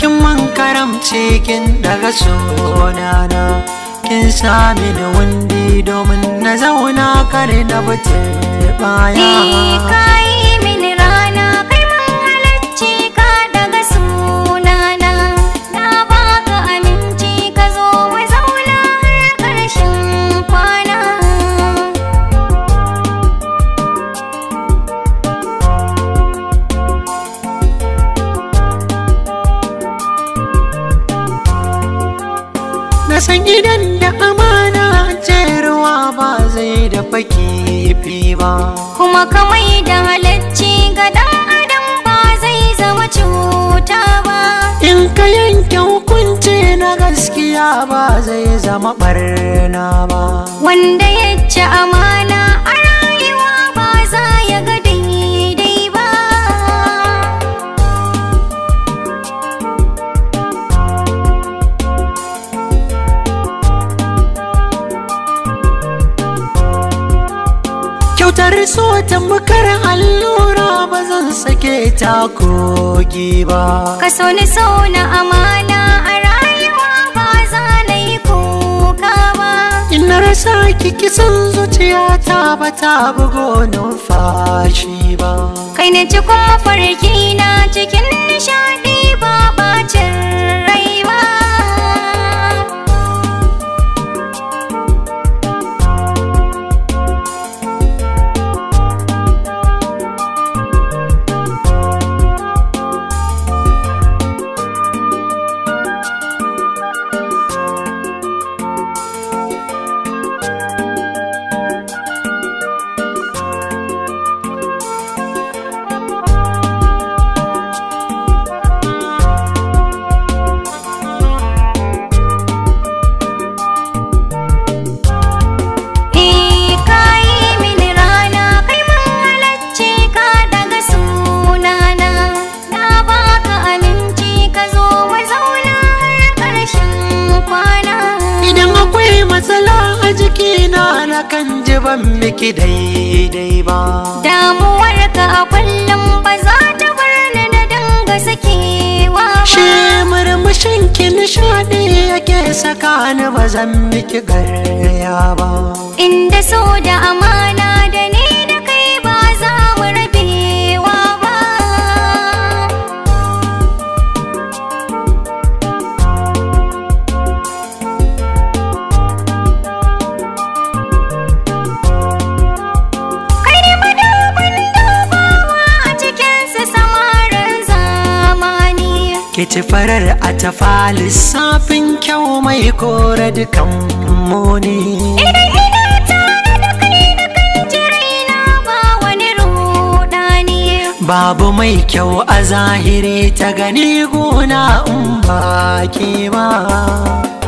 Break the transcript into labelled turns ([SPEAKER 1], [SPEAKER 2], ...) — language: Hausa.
[SPEAKER 1] kin man karam cikin daga na kin sami da wundi domin na zauna kare na bute baya kasan gidan da amana ce ba zai da faki fi ba kuma kamai da halacci ga dan adam ba zai zama cuta ba in ka yanke hukunci na gaskiya ba zai zama barna ba wanda ya ci amana Cutar so ta mukar allura ba zan sake ta kogi ba. Ka so ni so na amana a rayuwa ba za na yi kuka ba. Ina rasa kiki zuciya zuciyata ba ta bugo numfashi ba. Kai na ci kofar na cikin nishadi ba bacin Masala matsala a jikina na kan ji ban miki daidai ba ka a kullum ba za ta bar ni na danga sakewa ba shi murmushin ki nishaɗi yake saka ni ba zan miki garya ba inda so da amana Kici farar a tafa lissafin kyau mai kore dukan muni. wani Babu mai kyau a zahiri ta gani guna in ke ba.